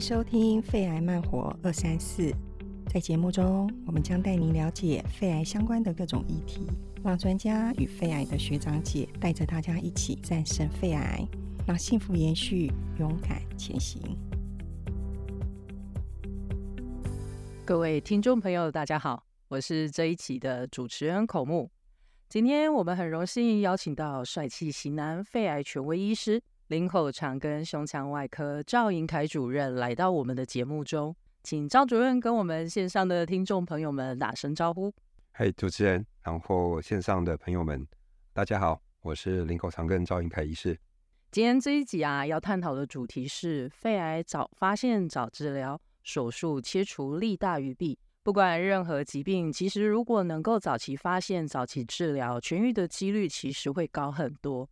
收聽肺癌慢活二三四，在節目中，我們將帶您了解肺癌相關的各種議題，讓專家與肺癌的學長姐帶着大家一起戰勝肺癌，讓幸福延續，勇敢前行。各位聽眾朋友，大家好，我是這一期的主持人口木。今天我們很榮幸邀請到帥氣型男肺癌權威醫師。林口長庚胸腔外科趙盈凱主任來到我們的節目中，請趙主任跟我們線上的聽眾朋友們打聲招呼。嗨，hey, 主持人，然後線上的朋友們，大家好，我是林口長庚趙盈凱醫師。今天這一集啊，要探討的主題是肺癌早發現、早治療，手術切除利大於弊。不管任何疾病，其實如果能夠早期發現、早期治療，痊癒的幾率其實會高很多。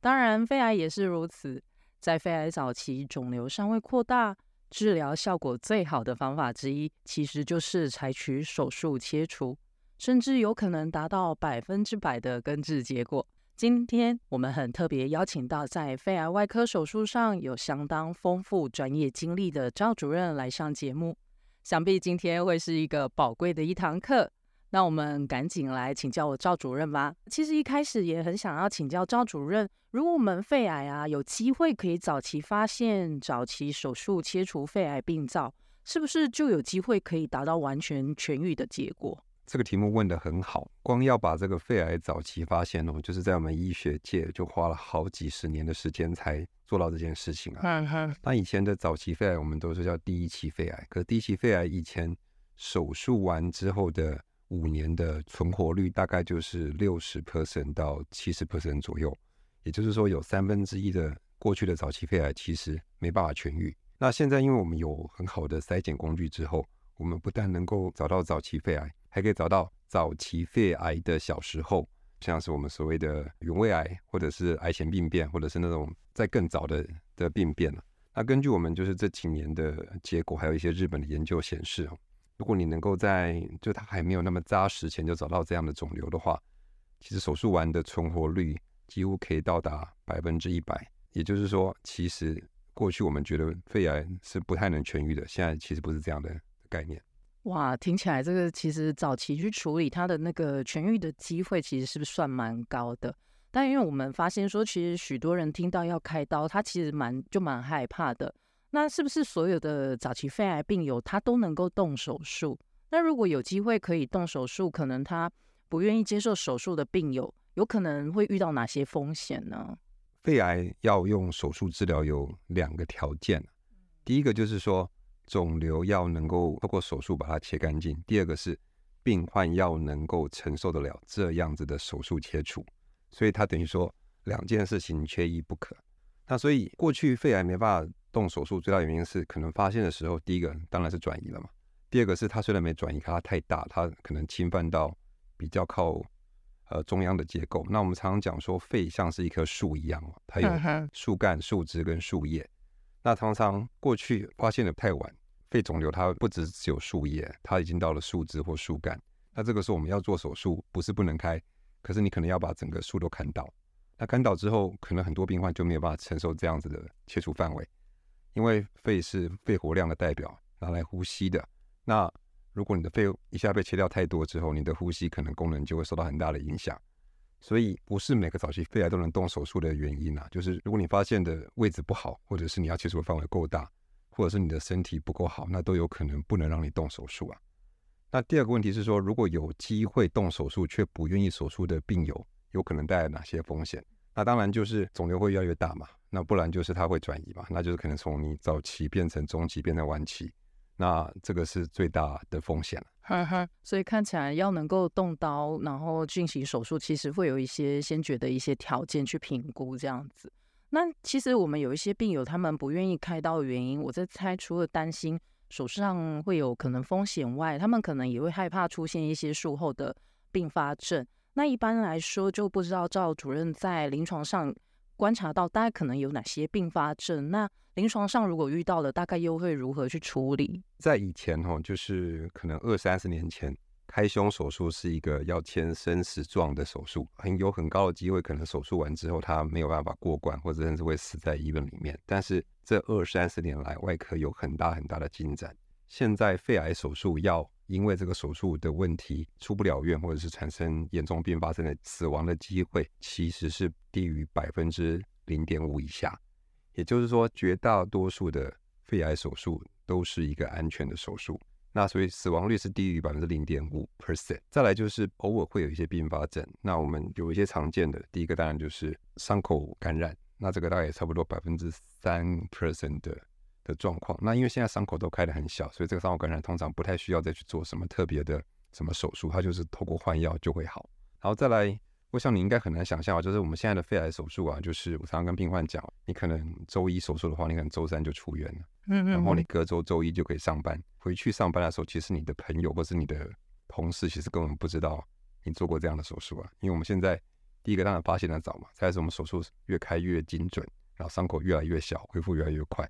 當然，肺癌也是如此。在肺癌早期，腫瘤尚未擴大，治療效果最好的方法之一，其實就是採取手術切除，甚至有可能達到百分之百的根治結果。今天我們很特別邀請到在肺癌外科手術上有相當豐富專業經歷的趙主任來上節目，想必今天會是一個寶貴的一堂課。那我們趕緊來請教我趙主任吧。其實一開始也很想要請教趙主任，如果我們肺癌啊有機會可以早期發現、早期手術切除肺癌病灶，是不是就有機會可以達到完全痊癒的結果？這個題目問得很好。光要把這個肺癌早期發現哦，就是在我們醫學界就花了好幾十年的時間才做到這件事情啊。嗯哼。那以前的早期肺癌我們都是叫第一期肺癌，可是第一期肺癌以前手術完之後的。五年的存活率大概就是六十 percent 到七十 percent 左右，也就是說有三分之一的過去的早期肺癌其實沒辦法痊癒。那現在因為我們有很好的篩檢工具之後，我們不但能夠找到早期肺癌，還可以找到早期肺癌的小時候，像是我們所謂的原位癌，或者是癌前病變，或者是那種在更早的的病變了。那根據我們就是這幾年的結果，還有一些日本的研究顯示哦。如果你能夠在，就它還沒有那麼紮實前就找到這樣的腫瘤的話，其實手術完的存活率幾乎可以到達百分之一百。也就是說，其實過去我們覺得肺癌是不太能痊癒的，現在其實不是這樣的概念。哇，聽起來這個其實早期去處理它的那個痊癒的機會，其實是不是算蠻高的？但因為我們發現說，其實許多人聽到要開刀，他其實蠻，就蠻害怕的。那是不是所有的早期肺癌病友他都能夠動手術？那如果有機會可以動手術，可能他不願意接受手術的病友，有可能會遇到哪些風險呢？肺癌要用手術治療有兩個條件，第一個就是說，腫瘤要能夠透過手術把它切乾淨，第二個是病患要能夠承受得了這樣子的手術切除，所以他等於說兩件事情缺一不可。那所以過去肺癌沒辦法。動手術最大的原因是可能發現的時候，第一個當然是轉移了嘛。第二個是它雖然沒轉移，可是它太大，它可能侵犯到比較靠呃中央的結構。那我們常常講說肺像是一棵樹一樣嘛，它有樹幹、樹枝跟樹葉。那常常過去發現的太晚，肺腫瘤它不只只有樹葉，它已經到了樹枝或樹幹。那這個時候我們要做手術，不是不能開，可是你可能要把整個樹都砍倒。那砍倒之後，可能很多病患就沒有辦法承受這樣子的切除範圍。因為肺是肺活量的代表，拿來呼吸的。那如果你的肺一下被切掉太多之後，你的呼吸可能功能就會受到很大的影響。所以不是每個早期肺癌都能動手術的原因啊，就是如果你發現的位置不好，或者是你要切除的範圍夠大，或者是你的身體不夠好，那都有可能不能讓你動手術啊。那第二個問題是說，如果有機會動手術卻不願意手術的病友，有可能帶來哪些風險？那當然就是腫瘤會越來越大嘛，那不然就是它會轉移嘛，那就是可能從你早期變成中期變成晚期，那這個是最大的風險了。哼哼，所以看起來要能夠動刀然後進行手術，其實會有一些先決的一些條件去評估這樣子。那其實我們有一些病友他們不願意開刀的原因，我在猜，除了擔心手術上會有可能風險外，他們可能也會害怕出現一些術後的併發症。那一般來說，就不知道趙主任在臨床上觀察到大概可能有哪些併發症。那臨床上如果遇到了，大概又會如何去處理？在以前哈、哦，就是可能二三十年前，開胸手術是一個要簽生死狀的手術，很有很高的機會，可能手術完之後他沒有辦法過關，或者甚至會死在醫院裡面。但是這二三十年來，外科有很大很大的進展，現在肺癌手術要。因為這個手術的問題出不了院，或者是產生嚴重併發症的死亡的機會，其實是低於百分之零點五以下。也就是說，絕大多數的肺癌手術都是一個安全的手術。那所以死亡率是低於百分之零點五 percent。再來就是偶爾會有一些併發症。那我們有一些常見的，第一個當然就是傷口感染，那這個大概也差不多百分之三 percent 的。的狀況，那因為現在傷口都開得很小，所以這個傷口感染通常不太需要再去做什麼特別的什麼手術，它就是透過換藥就會好。然後再來，我想你應該很難想象啊，就是我們現在的肺癌手術啊，就是我常常跟病患講，你可能周一手術的話，你可能周三就出院了，嗯嗯，然後你隔周周一就可以上班。回去上班的時候，其實你的朋友或是你的同事其實根本不知道你做過這樣的手術啊，因為我們現在第一個當然發現的早嘛，再來是我們手術越開越精準，然後傷口越來越小，恢復越來越快。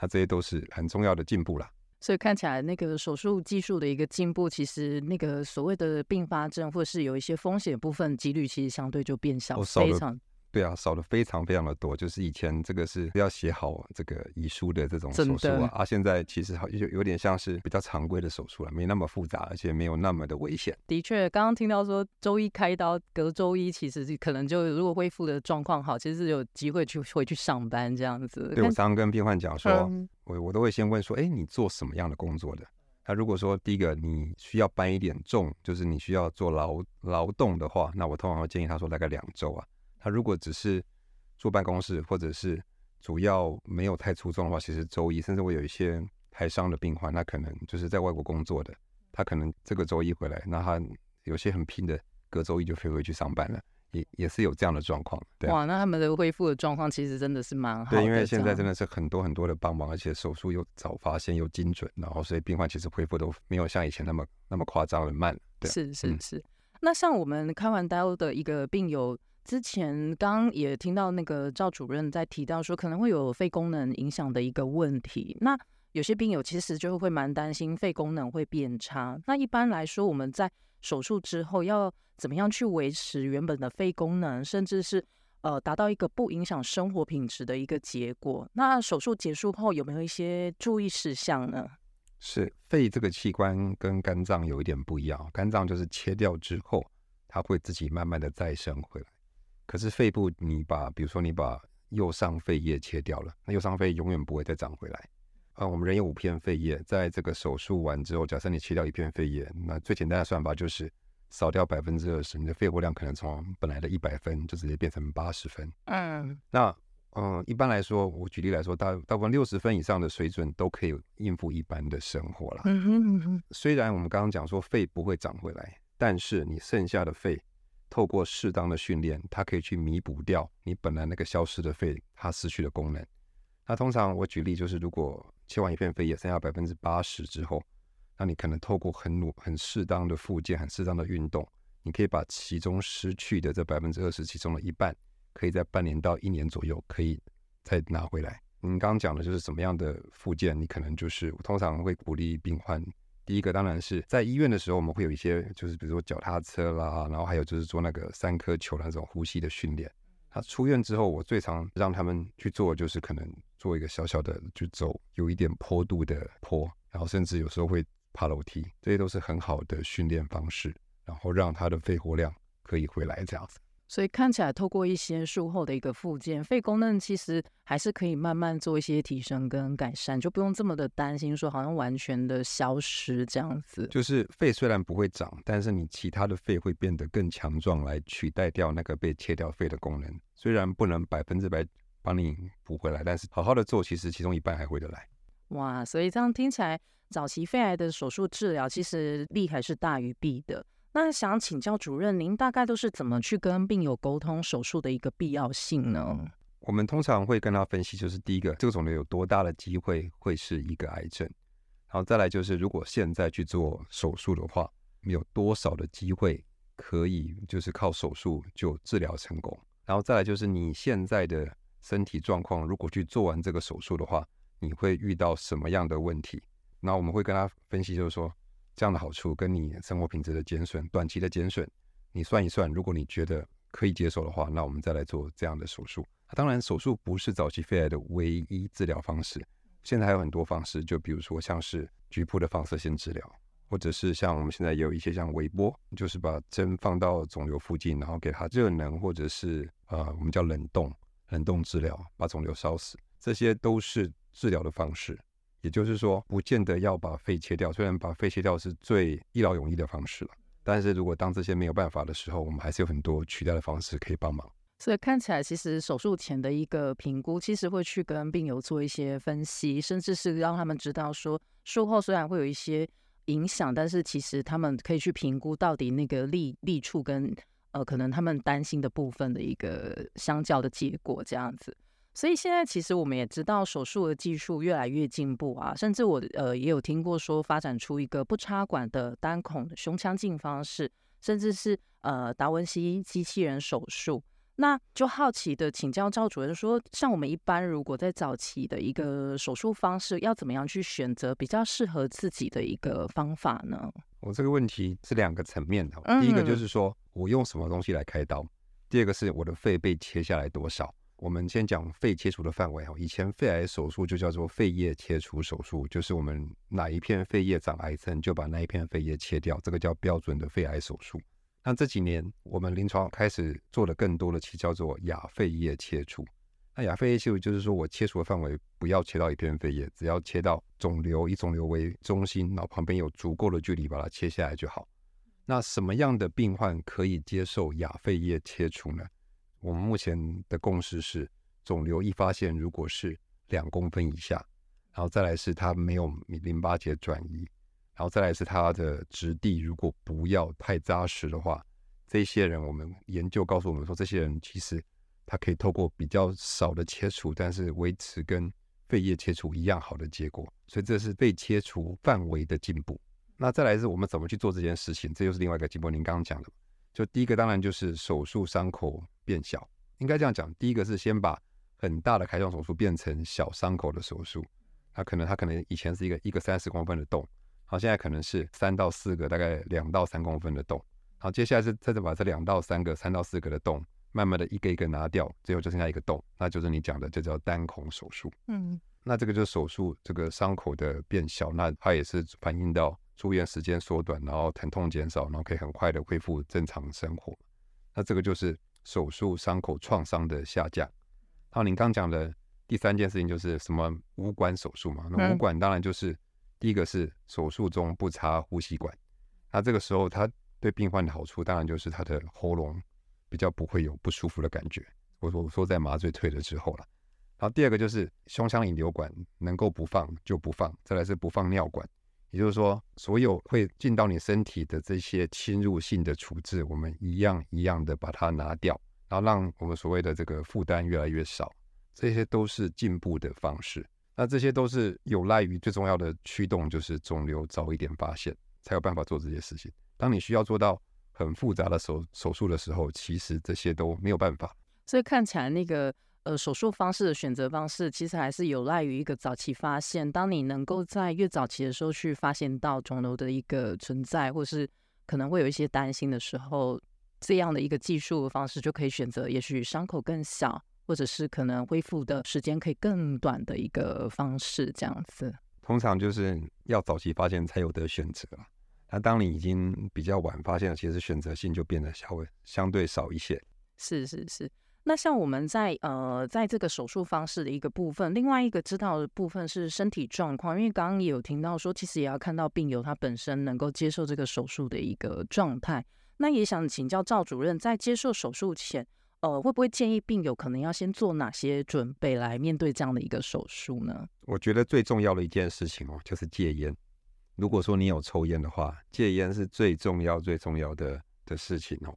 它這些都是很重要的進步啦，所以看起來那個手術技術的一個進步，其實那個所謂的併發症或是有一些風險部分幾率，其實相對就變小，非常、哦。對啊，少的非常非常的多，就是以前這個是要寫好這個遺書的這種手術啊，真的啊，現在其實好有點像是比較常規的手術了、啊，沒那麼複雜，而且沒有那麼的危險。的確，剛剛聽到說週一開刀，隔週一其實是可能就如果恢復的狀況好，其實是有機會去回去上班這樣子。對，我常常跟病患講說，嗯、我我都會先問說，哎、欸，你做什麼樣的工作的？他、啊、如果說第一個你需要搬一點重，就是你需要做勞勞動的話，那我通常會建議他說大概兩週啊。他如果只是坐辦公室，或者是主要沒有太粗重的話，其實周一甚至會有一些台商的病患，那可能就是在外國工作的，他可能這個周一回來，那他有些很拼的，隔周一就飛回去上班了，也也是有這樣的狀況。對啊、哇，那他們的恢復的狀況其實真的是蠻好的。對，因為現在真的是很多很多的幫忙，而且手術又早發現又精準，然後所以病患其實恢復都沒有像以前那麼那麼誇張的慢。是是、啊、是，是是嗯、那像我們開完刀的一個病友，之前剛也聽到那個趙主任在提到說，可能會有肺功能影響的一個問題。那有些病友其實就會蠻擔心肺功能會變差。那一般來說，我們在手術之後要怎麼樣去維持原本的肺功能，甚至是呃達到一個不影響生活品質的一個結果？那手術結束後有沒有一些注意事項呢？是肺這個器官跟肝臟有一點不一樣，肝臟就是切掉之後，它會自己慢慢的再生回來。可是肺部你把，比如說你把右上肺葉切掉了，那右上肺永遠不會再長回來。啊、呃，我們人有五片肺葉，在這個手術完之後，假設你切掉一片肺葉，那最簡單的算法就是少掉百分之二十，你的肺活量可能從本來的一百分就直接變成八十分。嗯，那嗯、呃，一般來說，我舉例來說，大大部分六十分以上的水準都可以應付一般的生活了。嗯哼嗯哼，雖然我們剛剛講說肺不會長回來，但是你剩下的肺。透過適當的訓練，它可以去彌補掉你本來那個消失的肺，它失去的功能。那通常我舉例就是，如果切完一片肺葉，剩下百分之八十之後，那你可能透過很努、很適當的復健、很適當的運動，你可以把其中失去的這百分之二十，其中的一半，可以在半年到一年左右可以再拿回來。你剛剛講的就是什麼樣的復健？你可能就是通常會鼓勵病患。第一個當然是在醫院的時候，我們會有一些，就是比如說腳踏車啦，然後還有就是做那個三顆球那種呼吸的訓練。他出院之後，我最常讓他們去做，就是可能做一個小小的就走有一點坡度的坡，然後甚至有時候會爬樓梯，這些都是很好的訓練方式，然後讓他的肺活量可以回來這樣子。所以看起來，透過一些術後的一個復健，肺功能其實還是可以慢慢做一些提升跟改善，就不用這麼的擔心說好像完全的消失這樣子。就是肺雖然不會長，但是你其他的肺會變得更強壯來取代掉那個被切掉肺的功能。雖然不能百分之百幫你補回來，但是好好的做，其實其中一半還回得來。哇，所以這樣聽起來，早期肺癌的手術治療其實利還是大於弊的。那想請教主任，您大概都是怎麼去跟病友溝通手術的一個必要性呢？嗯，我們通常會跟他分析，就是第一個，這個腫瘤有多大的機會會是一個癌症，然後再來就是，如果現在去做手術的話，你有多少的機會可以就是靠手術就治療成功，然後再來就是你現在的身體狀況，如果去做完這個手術的話，你會遇到什麼樣的問題？那我們會跟他分析，就是說。這樣的好處跟你生活品質的減損、短期的減損，你算一算，如果你覺得可以接受的話，那我們再來做這樣的手術。當然，手術不是早期肺癌的唯一治療方式，現在還有很多方式，就比如說像是局部的放射線治療，或者是像我們現在有一些像微波，就是把針放到腫瘤附近，然後給它熱能，或者是啊、呃、我們叫冷凍、冷凍治療，把腫瘤燒死，這些都是治療的方式。也就是說，不見得要把肺切掉。雖然把肺切掉是最一勞永逸的方式了，但是如果當這些沒有辦法的時候，我們還是有很多取代的方式可以幫忙。所以看起來，其實手術前的一個評估，其實會去跟病友做一些分析，甚至是讓他們知道說，術後雖然會有一些影響，但是其實他們可以去評估到底那個利利處跟、呃，可能他們擔心的部分的一個相較的結果這樣子。所以現在其實我們也知道手術的技術越來越進步啊，甚至我呃也有聽過說發展出一個不插管的單孔胸腔鏡方式，甚至是呃達文西機器人手術。那就好奇的請教趙主任說，像我們一般如果在早期的一個手術方式，要怎麼樣去選擇比較適合自己的一個方法呢？我這個問題是兩個層面的哦，第一個就是說我用什麼東西來開刀，第二個是我的肺被切下來多少。我們先講肺切除的範圍哈，以前肺癌手術就叫做肺葉切除手術，就是我們哪一片肺葉長癌症，就把那一片肺葉切掉，這個叫標準的肺癌手術。那這幾年我們臨床開始做的更多的，其實叫做亞肺葉切除。那亞肺葉切除就是說我切除的範圍不要切到一片肺葉，只要切到腫瘤，以腫瘤為中心，然後旁邊有足夠的距離把它切下來就好。那什麼樣的病患可以接受亞肺葉切除呢？我們目前的共識是，腫瘤一發現如果是兩公分以下，然後再來是它沒有淋巴結轉移，然後再來是它的質地如果不要太扎實的話，這些人我們研究告訴我們說，這些人其實他可以透過比較少的切除，但是維持跟肺葉切除一樣好的結果。所以這是被切除範圍的進步。那再來是，我們怎麼去做這件事情？這就是另外一個進步。您剛剛講的，就第一個當然就是手術傷口。變小，應該這樣講。第一個是先把很大的開胸手術變成小傷口的手術，那可能他可能以前是一個一個三十公分的洞，好，現在可能是三到四個，大概兩到三公分的洞。好，接下來是再把這兩到三個、三到四個的洞，慢慢的一個一個拿掉，最後就剩下一個洞，那就是你講的，這叫單孔手術。嗯，那這個就是手術這個傷口的變小，那它也是反映到住院時間縮短，然後疼痛減少，然後可以很快的恢復正常生活。那這個就是。手術傷口創傷的下降。好，你剛講的第三件事情就是什麼無管手術嘛。那無管當然就是第一個是手術中不插呼吸管，那這個時候他對病患的好處當然就是他的喉嚨比較不會有不舒服的感覺。我說我說在麻醉退了之後了。然後第二個就是胸腔引流管能夠不放就不放，再來是不放尿管。也就是說，所有會進到你身體的這些侵入性的處置，我們一樣一樣的把它拿掉，然後讓我們所謂的這個負擔越來越少，這些都是進步的方式。那這些都是有賴於最重要的驅動，就是腫瘤早一點發現，才有辦法做這些事情。當你需要做到很複雜的手手術的時候，其實這些都沒有辦法。所以看起來那個。呃，手術方式的選擇方式，其實還是有賴於一個早期發現。當你能夠在越早期的時候去發現到腫瘤的一個存在，或是可能會有一些擔心的時候，這樣的一個技術方式就可以選擇，也許傷口更小，或者是可能恢復的時間可以更短的一個方式，這樣子。通常就是要早期發現才有得選擇，那當你已經比較晚發現，其實選擇性就變得稍微相對少一些。是是是。那像我們在呃，在這個手術方式的一個部分，另外一個知道的部分是身體狀況，因為剛剛也有聽到說，其實也要看到病友他本身能夠接受這個手術的一個狀態。那也想請教趙主任，在接受手術前，呃，會不會建議病友可能要先做哪些準備來面對這樣的一個手術呢？我覺得最重要的一件事情哦，就是戒菸。如果說你有抽菸的話，戒菸是最重要最重要的的事情哦。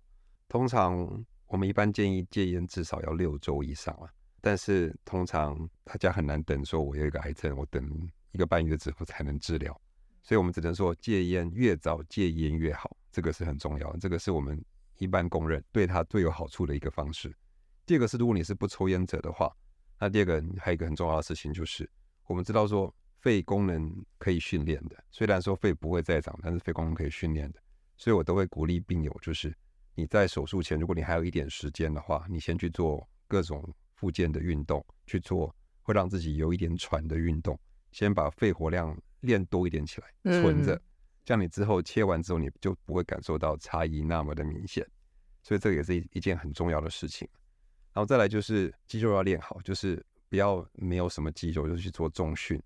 通常。我們一般建議戒菸至少要六周以上啊，但是通常大家很難等，說我有一個癌症，我等一個半月之後才能治療，所以我們只能說戒菸越早戒菸越好，這個是很重要，這個是我們一般公認對他最有好處的一個方式。第二個是，如果你是不抽菸者的話，那第二個還有一個很重要的事情就是，我們知道說肺功能可以訓練的，雖然說肺不會再長，但是肺功能可以訓練的，所以我都會鼓勵病友就是。你在手術前，如果你還有一點時間的話，你先去做各種復健的運動，去做，會讓自己有一點喘的運動，先把肺活量練多一點起來，存着，這樣你之後切完之後，你就不會感受到差異那麼的明顯，所以這個也是一一件很重要的事情。然後再來就是肌肉要練好，就是不要沒有什麼肌肉就是去做重訓。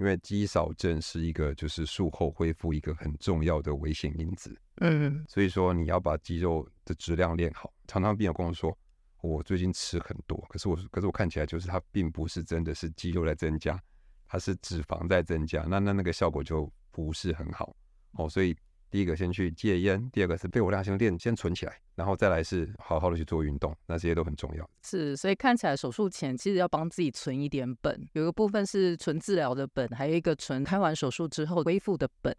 因為肌少症是一個，就是術後恢復一個很重要的危險因子。嗯，所以說你要把肌肉的質量練好。常常病友跟我說，我最近吃很多，可是我，可是我看起來就是它並不是真的是肌肉在增加，它是脂肪在增加。那那那個效果就不是很好。哦，所以。第一個先去戒菸，第二個是肺活量訓練，先存起來，然後再來是好好的去做運動。那這些都很重要。是，所以看起來手術前其實要幫自己存一點本，有一個部分是存治療的本，還有一個存開完手術之後恢復的本。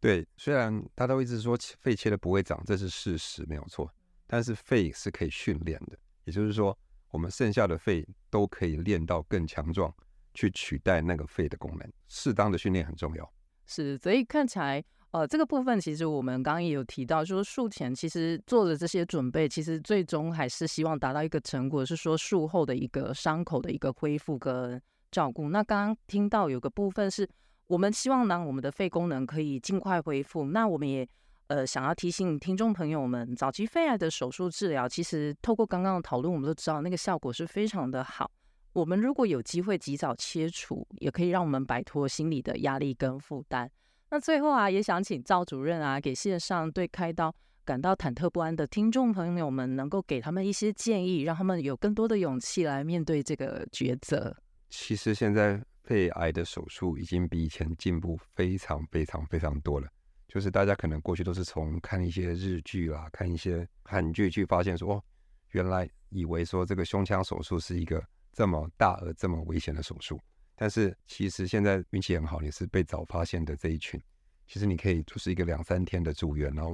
對，雖然大家都一直說肺切了不會長，這是事實，沒有錯。但是肺是可以訓練的，也就是說我們剩下的肺都可以練到更強壯，去取代那個肺的功能。適當的訓練很重要。是，所以看起來。呃，這個部分其實我們剛剛也有提到，就是術前其實做的這些準備，其實最終還是希望達到一個成果，是說術後的一個傷口的一個恢復跟照顧。那剛剛聽到有個部分是我們希望呢，我們的肺功能可以盡快恢復。那我們也呃想要提醒聽眾朋友們，早期肺癌的手術治療，其實透過剛剛的討論，我們都知道那個效果是非常的好。我們如果有機會及早切除，也可以讓我們擺脫心理的壓力跟負擔。那最後啊，也想請趙主任啊，給線上對開刀感到忐忑不安的聽眾朋友們，能夠給他們一些建議，讓他們有更多的勇氣來面對這個抉擇。其實現在肺癌的手術已經比以前進步非常非常非常多了。就是大家可能過去都是從看一些日劇啊、看一些韓劇去發現說，哦，原來以為說這個胸腔手術是一個這麼大而這麼危險的手術。但是其實現在運氣很好，你是被早發現的這一群，其實你可以就是一個兩三天的住院，然後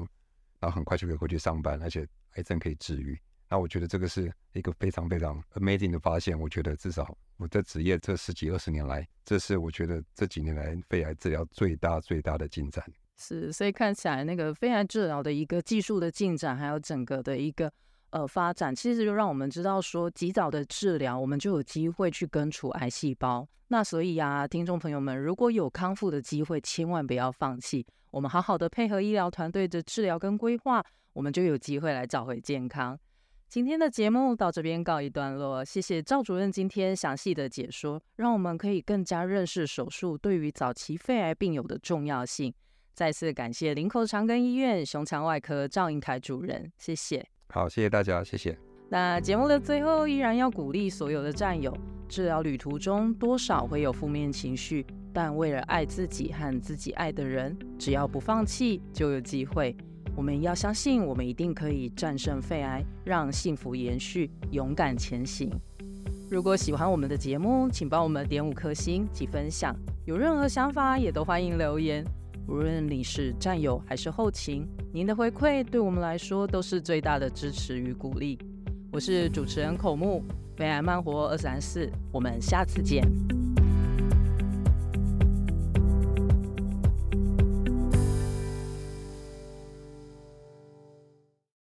然後很快就可以回去上班，而且癌症可以治癒。那我覺得這個是一個非常非常 amazing 的發現。我覺得至少我的職業這十幾二十年來，這是我覺得這幾年來肺癌治療最大最大的進展。是，所以看起來那個肺癌治療的一個技術的進展，還有整個的一個。呃，發展其實就讓我們知道說，及早的治療，我們就有機會去根除癌細胞。那所以呀、啊，聽眾朋友們，如果有康復的機會，千萬不要放棄。我們好好的配合醫療團隊的治療跟規劃，我們就有機會來找回健康。今天的節目到這邊告一段落，謝謝趙主任今天詳細的解說，讓我們可以更加認識手術對於早期肺癌病友的重要性。再次感謝林口長庚醫院胸腔外科趙盈凱主任，謝謝。好，謝謝大家，謝謝。那節目的最後，依然要鼓勵所有的戰友，治療旅途中多少會有負面情緒，但為了愛自己和自己愛的人，只要不放棄，就有機會。我們要相信，我們一定可以戰勝肺癌，讓幸福延續，勇敢前行。如果喜歡我們的節目，請幫我們點五顆星及分享。有任何想法，也都歡迎留言。無論你是戰友還是後勤，您的回饋對我們來說都是最大的支持與鼓勵。我是主持人口木，肺癌慢活二三四，我們下次見。